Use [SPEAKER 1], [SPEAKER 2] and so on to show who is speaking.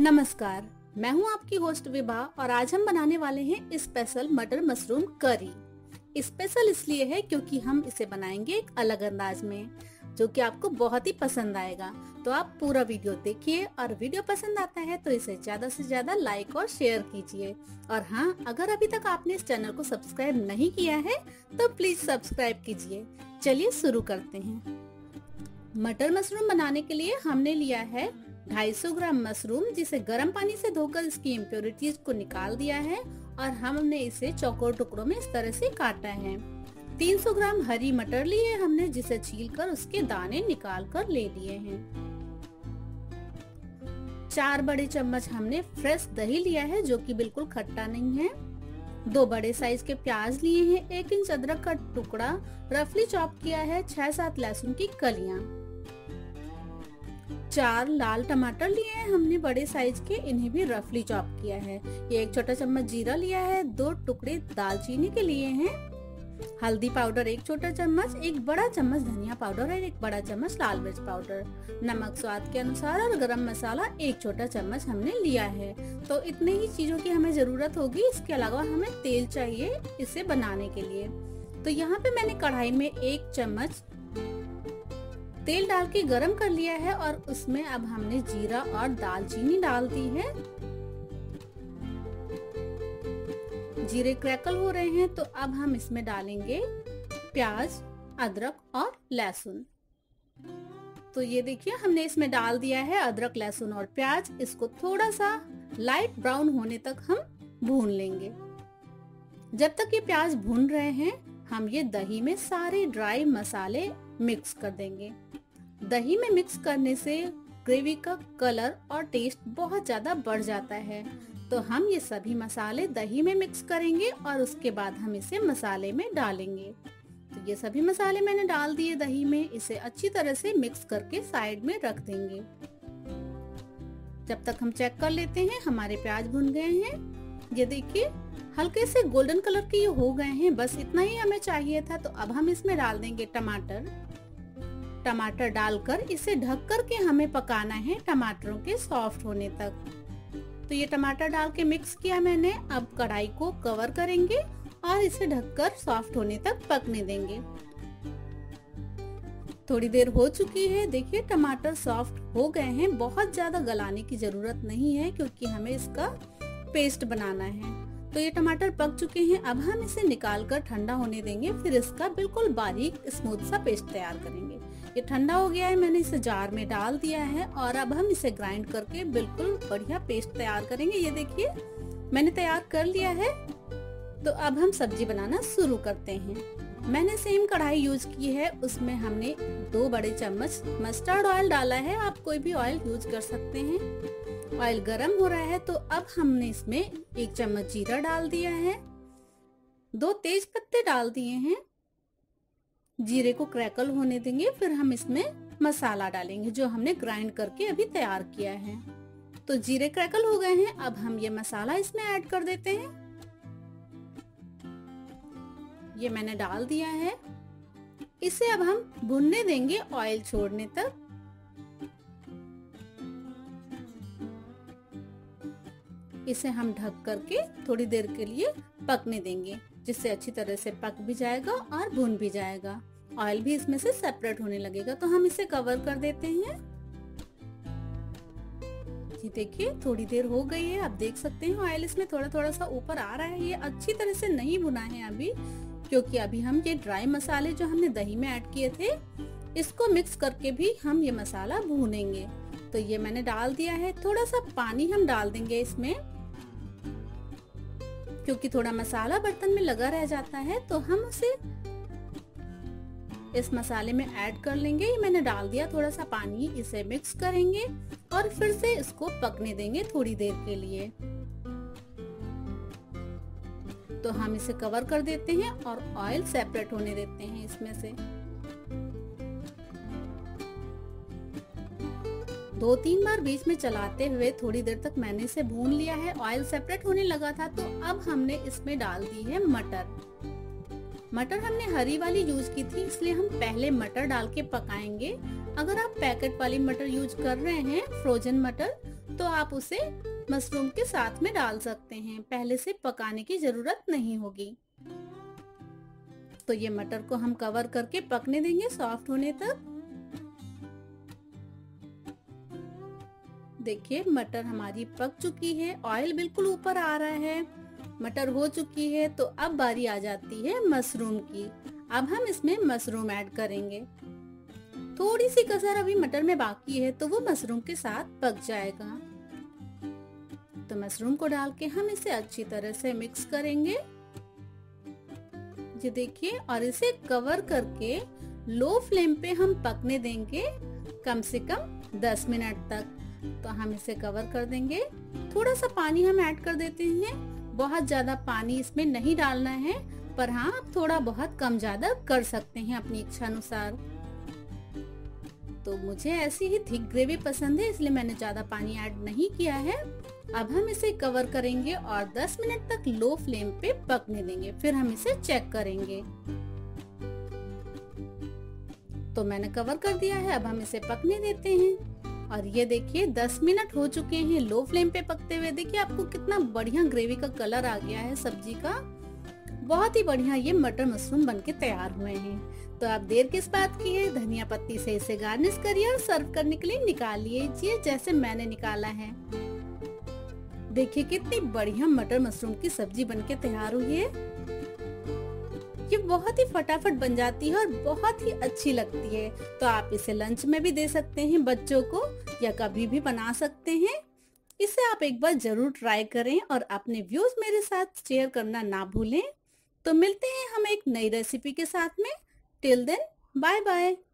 [SPEAKER 1] नमस्कार मैं हूं आपकी होस्ट विभा और आज हम बनाने वाले हैं स्पेशल मटर मशरूम करी स्पेशल इसलिए है क्योंकि हम इसे बनाएंगे एक अलग अंदाज में जो कि आपको बहुत ही पसंद आएगा तो आप पूरा वीडियो देखिए और वीडियो पसंद आता है तो इसे ज्यादा से ज्यादा लाइक और शेयर कीजिए और हाँ अगर अभी तक आपने इस चैनल को सब्सक्राइब नहीं किया है तो प्लीज सब्सक्राइब कीजिए चलिए शुरू करते हैं मटर मशरूम बनाने के लिए हमने लिया है 250 ग्राम मशरूम जिसे गर्म पानी से धोकर इसकी इम्प्योरिटीज को निकाल दिया है और हमने इसे चौकोर टुकड़ों में इस तरह से काटा है 300 ग्राम हरी मटर लिए हमने जिसे छीलकर उसके दाने निकाल कर ले लिए हैं चार बड़े चम्मच हमने फ्रेश दही लिया है जो कि बिल्कुल खट्टा नहीं है दो बड़े साइज के प्याज लिए हैं एक इंच अदरक का टुकड़ा रफली चॉप किया है छह सात लहसुन की कलियां चार लाल टमाटर लिए हैं हमने बड़े साइज के इन्हें भी रफली चॉप किया है ये एक छोटा चम्मच जीरा लिया है दो टुकड़े दालचीनी के लिए हैं हल्दी पाउडर एक छोटा चम्मच एक बड़ा चम्मच धनिया पाउडर और एक बड़ा चम्मच लाल मिर्च पाउडर नमक स्वाद के अनुसार और गरम मसाला एक छोटा चम्मच हमने लिया है तो इतने ही चीज़ों की हमें ज़रूरत होगी इसके अलावा हमें तेल चाहिए इसे बनाने के लिए तो यहाँ पे मैंने कढ़ाई में एक चम्मच तेल डाल के गरम कर लिया है और उसमें अब हमने जीरा और दालचीनी डाल दी है जीरे क्रैकल हो रहे हैं तो अब हम इसमें डालेंगे प्याज अदरक और लहसुन तो ये देखिए हमने इसमें डाल दिया है अदरक लहसुन और प्याज इसको थोड़ा सा लाइट ब्राउन होने तक हम भून लेंगे जब तक ये प्याज भून रहे हैं हम ये दही में सारे ड्राई मसाले मिक्स कर देंगे दही में मिक्स करने से ग्रेवी का कलर और टेस्ट बहुत ज़्यादा बढ़ जाता है तो हम ये सभी मसाले दही में मिक्स करेंगे और उसके बाद हम इसे मसाले में डालेंगे तो ये सभी मसाले मैंने डाल दिए दही में इसे अच्छी तरह से मिक्स करके साइड में रख देंगे जब तक हम चेक कर लेते हैं हमारे प्याज भुन गए हैं ये देखिए हल्के से गोल्डन कलर के ये हो गए हैं बस इतना ही हमें चाहिए था तो अब हम इसमें डाल देंगे टमाटर टमाटर डालकर इसे ढक कर के हमें पकाना है टमाटरों के सॉफ्ट होने तक तो ये टमाटर डाल के मिक्स किया मैंने अब कढ़ाई को कवर करेंगे और इसे ढककर सॉफ्ट होने तक पकने देंगे थोड़ी देर हो चुकी है देखिए टमाटर सॉफ्ट हो गए हैं बहुत ज्यादा गलाने की जरूरत नहीं है क्योंकि हमें इसका पेस्ट बनाना है तो ये टमाटर पक चुके हैं अब हम इसे निकाल कर ठंडा होने देंगे फिर इसका बिल्कुल बारीक स्मूथ सा पेस्ट तैयार करेंगे ये ठंडा हो गया है मैंने इसे जार में डाल दिया है और अब हम इसे ग्राइंड करके बिल्कुल बढ़िया पेस्ट तैयार करेंगे ये देखिए मैंने तैयार कर लिया है तो अब हम सब्जी बनाना शुरू करते हैं मैंने सेम कढ़ाई यूज की है उसमें हमने दो बड़े चम्मच मस्टर्ड ऑयल डाला है आप कोई भी ऑयल यूज कर सकते हैं ऑयल गरम हो रहा है तो अब हमने इसमें एक चम्मच जीरा डाल दिया है दो तेज पत्ते डाल दिए हैं जीरे को क्रैकल होने देंगे फिर हम इसमें मसाला डालेंगे जो हमने ग्राइंड करके अभी तैयार किया है तो जीरे क्रैकल हो गए हैं अब हम ये मसाला इसमें ऐड कर देते हैं ये मैंने डाल दिया है इसे अब हम भुनने देंगे ऑयल छोड़ने तक इसे हम ढक करके थोड़ी देर के लिए पकने देंगे जिससे अच्छी तरह से पक भी जाएगा और भुन भी जाएगा ऑयल भी इसमें से सेपरेट होने लगेगा तो हम इसे कवर कर देते हैं जी देखिए थोड़ी देर हो गई है आप देख सकते हैं ऑयल इसमें थोड़ा थोड़ा सा ऊपर आ रहा है ये अच्छी तरह से नहीं भुना है अभी क्योंकि अभी हम ये ड्राई मसाले जो हमने दही में ऐड किए थे इसको मिक्स करके भी हम ये मसाला भूनेंगे तो ये मैंने डाल दिया है थोड़ा सा पानी हम डाल देंगे इसमें क्योंकि थोड़ा मसाला बर्तन में लगा रह जाता है तो हम उसे इस मसाले में ऐड कर लेंगे ये मैंने डाल दिया थोड़ा सा पानी इसे मिक्स करेंगे और फिर से इसको पकने देंगे थोड़ी देर के लिए तो हम इसे कवर कर देते हैं और ऑयल सेपरेट होने देते हैं इसमें से दो तीन बार बीच में चलाते हुए थोड़ी देर तक मैंने इसे भून लिया है ऑयल सेपरेट होने लगा था तो अब हमने इसमें डाल दी है मटर मटर हमने हरी वाली यूज की थी इसलिए हम पहले मटर डाल के पकाएंगे अगर आप पैकेट वाली मटर यूज कर रहे हैं फ्रोजन मटर तो आप उसे मशरूम के साथ में डाल सकते हैं पहले से पकाने की जरूरत नहीं होगी तो ये मटर को हम कवर करके पकने देंगे सॉफ्ट होने तक देखिए मटर हमारी पक चुकी है ऑयल बिल्कुल ऊपर आ रहा है मटर हो चुकी है तो अब बारी आ जाती है मशरूम की अब हम इसमें मशरूम ऐड करेंगे थोड़ी सी कसर अभी मटर में बाकी है तो वो मशरूम के साथ पक जाएगा तो मशरूम को डाल के हम इसे अच्छी तरह से मिक्स करेंगे ये देखिए और इसे कवर करके लो फ्लेम पे हम पकने देंगे कम से कम 10 मिनट तक तो हम इसे कवर कर देंगे थोड़ा सा पानी हम ऐड कर देते हैं बहुत ज़्यादा पानी इसमें नहीं डालना है पर हाँ आप थोड़ा बहुत कम ज़्यादा कर सकते हैं अपनी इच्छा अनुसार तो मुझे ऐसी ही थिक ग्रेवी पसंद है इसलिए मैंने ज़्यादा पानी ऐड नहीं किया है अब हम इसे कवर करेंगे और 10 मिनट तक लो फ्लेम पे पकने देंगे फिर हम इसे चेक करेंगे तो मैंने कवर कर दिया है अब हम इसे पकने देते हैं और ये देखिए 10 मिनट हो चुके हैं लो फ्लेम पे पकते हुए देखिए आपको कितना बढ़िया ग्रेवी का कलर आ गया है सब्जी का बहुत ही बढ़िया ये मटर मशरूम बनके तैयार हुए हैं तो आप देर किस बात की है धनिया पत्ती से इसे गार्निश करिए और सर्व करने के लिए निकाल लीजिए जैसे मैंने निकाला है देखिए कितनी बढ़िया मटर मशरूम की सब्जी बनके तैयार हुई है बहुत ही फटाफट बन जाती है और बहुत ही अच्छी लगती है तो आप इसे लंच में भी दे सकते हैं बच्चों को या कभी भी बना सकते हैं इसे आप एक बार जरूर ट्राई करें और अपने व्यूज मेरे साथ शेयर करना ना भूलें तो मिलते हैं हम एक नई रेसिपी के साथ में टिल देन बाय बाय